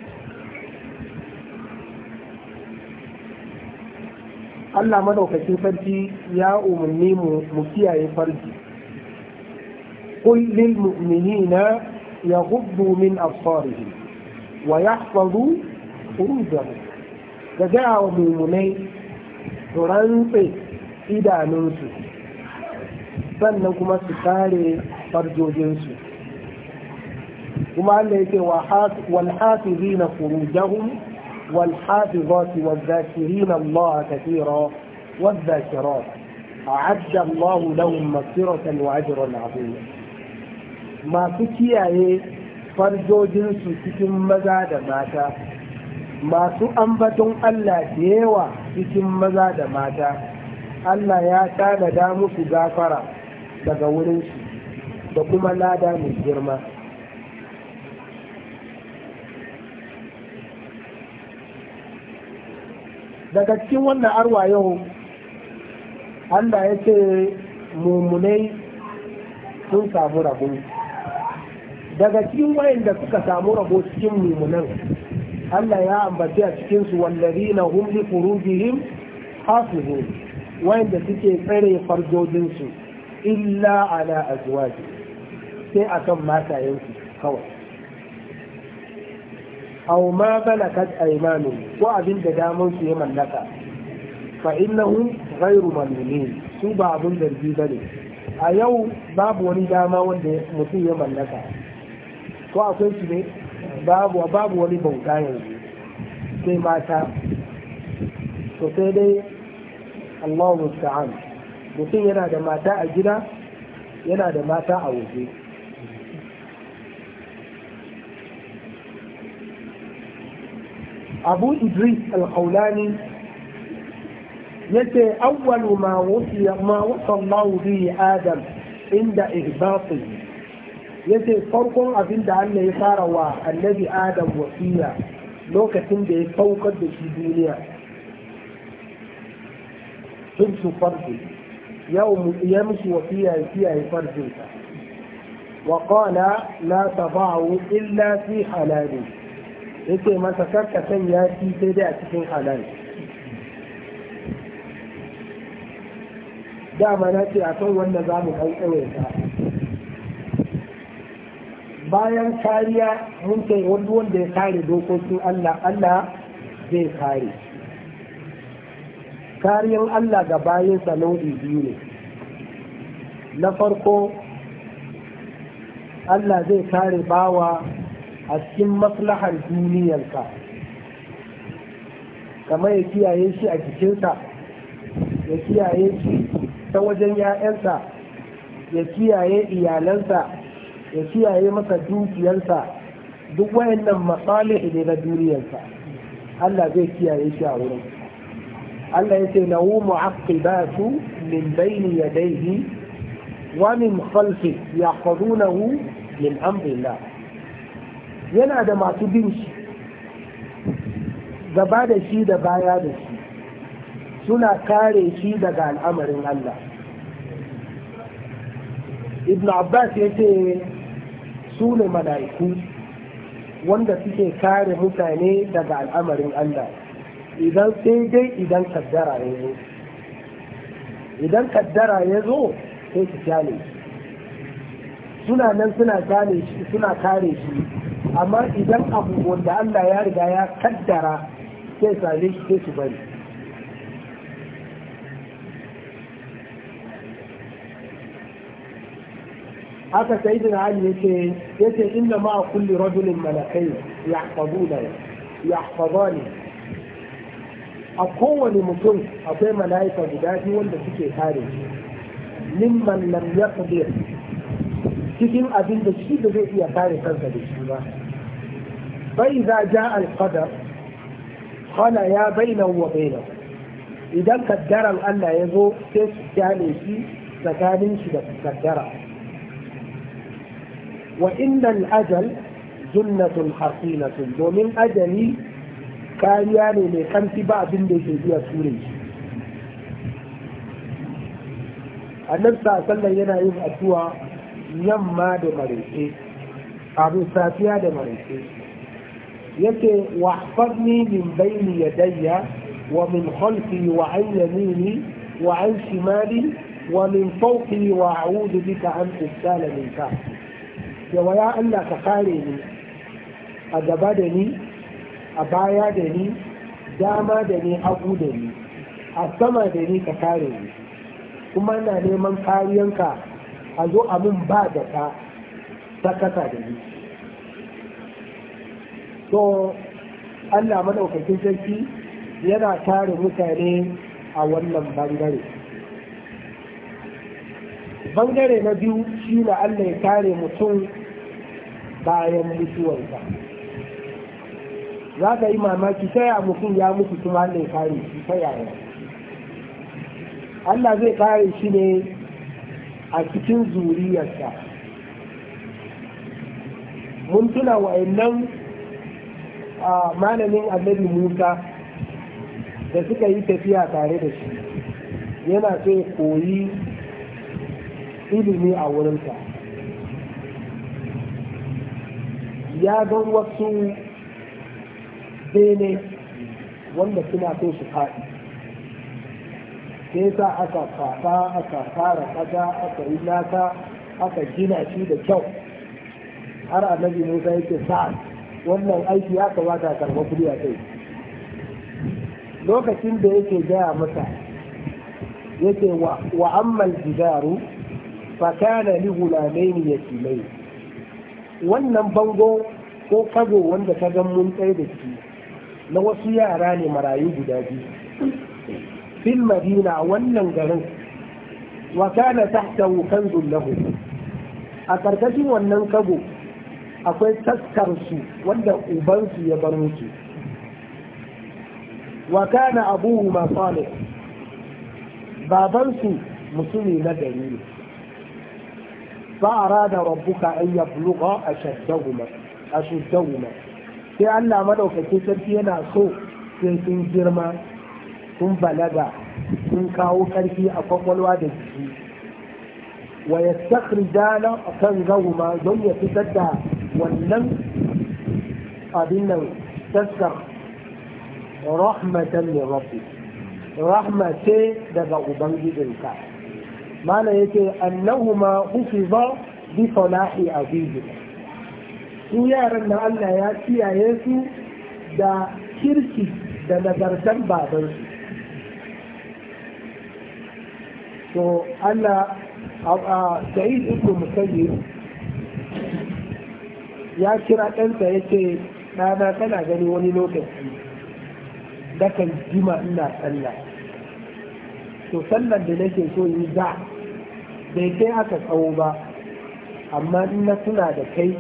Allah madaukakin farki ya umarni mu mu kiyaye farji قل للمؤمنين يغضوا من أبصارهم ويحفظوا فروجهم فجاء مؤمنين ترنطي إذا ننسوا sannan kuma su kare farjojinsu kuma Allah yake wal hafizina furujahum wal hafizati wal zakirina Allah kathira wal zakirat a'adda Allah lahum maghfiratan wa ajran azim ma su kiyaye farjojinsu cikin maza da mata masu ambaton Allah da yawa cikin maza da mata Allah ya tanada musu gafara daga wurin shi da kuma lada mai girma daga cikin wannan arwa yau Allah ya ce mummunai sun samu rabo daga cikin wayanda suka samu rabo cikin mummunan Allah ya ambaci a cikinsu wallazina hum li furujihim wayan wayanda suke tsere farjojinsu illa ala azwaji sai akan matayensu kawai aw ma balakat aymanu ko abin da su ya mallaka fa innahu ghayru mamnunin su ba abun abin zargi bane a yau babu wani dama wanda mutum ya mallaka ko akwai su ne babu babu wani bauta yanzu sai mata to sai dai Allahu musta'an mutum yana da mata a gida yana da mata a waje abu idris al ya yace awwalu ma wasiya ma bihi adam inda ya yace farkon abin da Allah ya fara wa annabi adam wasiya lokacin da ya saukar da shi duniya Sun su farko ya mishi wasiya ya kiyaye farjinsa wa qala la tabahu illa fi halali yake masa karka sanya shi sai dai a cikin halal dama na ce akan wanda za mu kai tsawaita bayan kariya mun kai wanda ya kare dokokin Allah Allah zai kare kariyan Allah ga bayan sanau'i biyu ne na farko Allah zai kare bawa a cikin maslahar duniyarka kamar ya kiyaye shi a jikinsa ya kiyaye shi ta wajen 'ya'yansa ya kiyaye iyalansa ya kiyaye masa dukiyarsa duk wayannan masalih ne na duniyarsa Allah zai kiyaye shi a wurin Allah ya ce lahu mu'aqibatu min bayni yadayhi wa min khalfi yahfazunahu min amrillah yana da masu bin shi gaba da shi da baya da shi suna kare shi daga al'amarin Allah ibn abbas ya ce su ne mala'iku wanda suke kare mutane daga al'amarin Allah idan sai dai idan kaddara ya zo idan kaddara ya zo sai su kyale suna nan suna gane shi suna kare shi amma idan abu wanda Allah ya riga ya kaddara sai same shi sai su bari haka sai da hali yake yace inda ma kulli rajulin malakai yahfazuna ne a kowane mutum akwai mala'ika guda biyu wanda suke kare shi mimman lam yaqdir cikin abin da shi da zai iya kare kansa da shi ba bai za ja alqadar kana ya bainahu wa bainahu idan kaddaran Allah ya zo sai su kyale shi tsakanin shi da kaddara wa innal ajal junnatun hasinatun domin ajali kariya ne mai kamfi ba abin da yake biya ture shi annabi sallan yana yin addu'a yamma da maraice abin safiya da maraice yake wahfadni min bayni yadayya wa min khalfi wa an yamini wa an shimali wa min fawqi wa a'udhu bika an min ka yawa ya Allah ka kare ni a gaba da ni a baya da ni dama da ni hagu da ni a sama da ni ka kare ni kuma na neman kariyanka a zo a mun ba da ka kasa da ni to Allah madaukakin sarki yana tare mutane a wannan bangare bangare na biyu shi na Allah ya kare mutum bayan mutuwarsa. za ka yi mamaki ta ya mutum ya mutu kuma Allah ya kare shi ta yaya Allah zai kare shi ne a cikin zuriyarsa mun tuna wa'annan malamin annabi Musa da suka yi tafiya tare da shi yana so ya koyi ilimi a wurinsa ya ga wasu ne wanda suna so su faɗi sai sa aka fafa aka fara ƙasa aka yi naka aka gina shi da kyau har annabi musa yake sa wannan aiki ya kamata a karɓa kuɗi a kai lokacin da yake gaya masa yake wa ammal jidaru fa kana li gulamaini yatimai wannan bango ko kago wanda ta gan mun tsaye da shi na wasu yara ne marayu guda biyu fil madina wannan garin wa kana tahtahu kanzun lahu a karkashin wannan kago akwai taskar su wanda ubansu ya bar musu wa kana abuhu ma salih babansu mutumi na gari ne fa arada rabbuka an yablugha ashaddahuma ashaddahuma sai Allah madaukakin sarki yana so sai sun girma sun balaga sun kawo ƙarfi a kwakwalwa da jiki wa ya sakrijana a kan gahuma don ya fitar da wannan abin nan taskar rahmatan ne rabbi rahma ce daga ubangijinka mana yake annahuma hufiza bi salahi azizina su yaran da Allah ya kiyaye su da kirki da nagartan babansu to Allah a Sa'id ibn ya kira ɗansa ya ce ɗana tana gani wani lokaci da kan jima ina sallah to sallar da nake so yi da bai kai aka tsawo ba amma ina na tuna da kai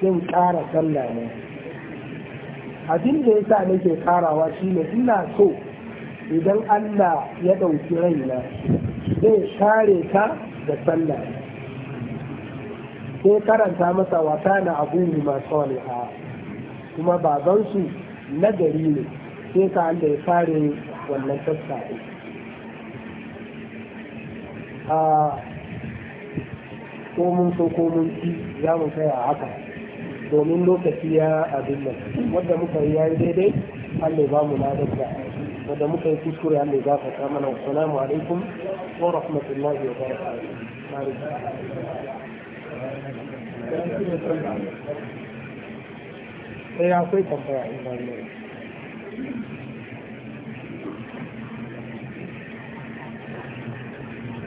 sun ƙara sallah ne abin da yasa nake karawa shine ina so idan Allah ya ɗauki raina zai kare ta da sallah sai karanta masa wata na abubu masu waliha kuma babansu nagari ne sai ka Allah ya kare wannan sassa ah, ko mun so ko mun ci za mu tsaya haka domin lokaci ya abin nan wadda muka yi yayi daidai Allah ba mu ladarta wadda muka yi kuskure Allah ka gafarta mana assalamu alaikum wa rahmatullahi wa barakatuh sai akwai tambaya in ba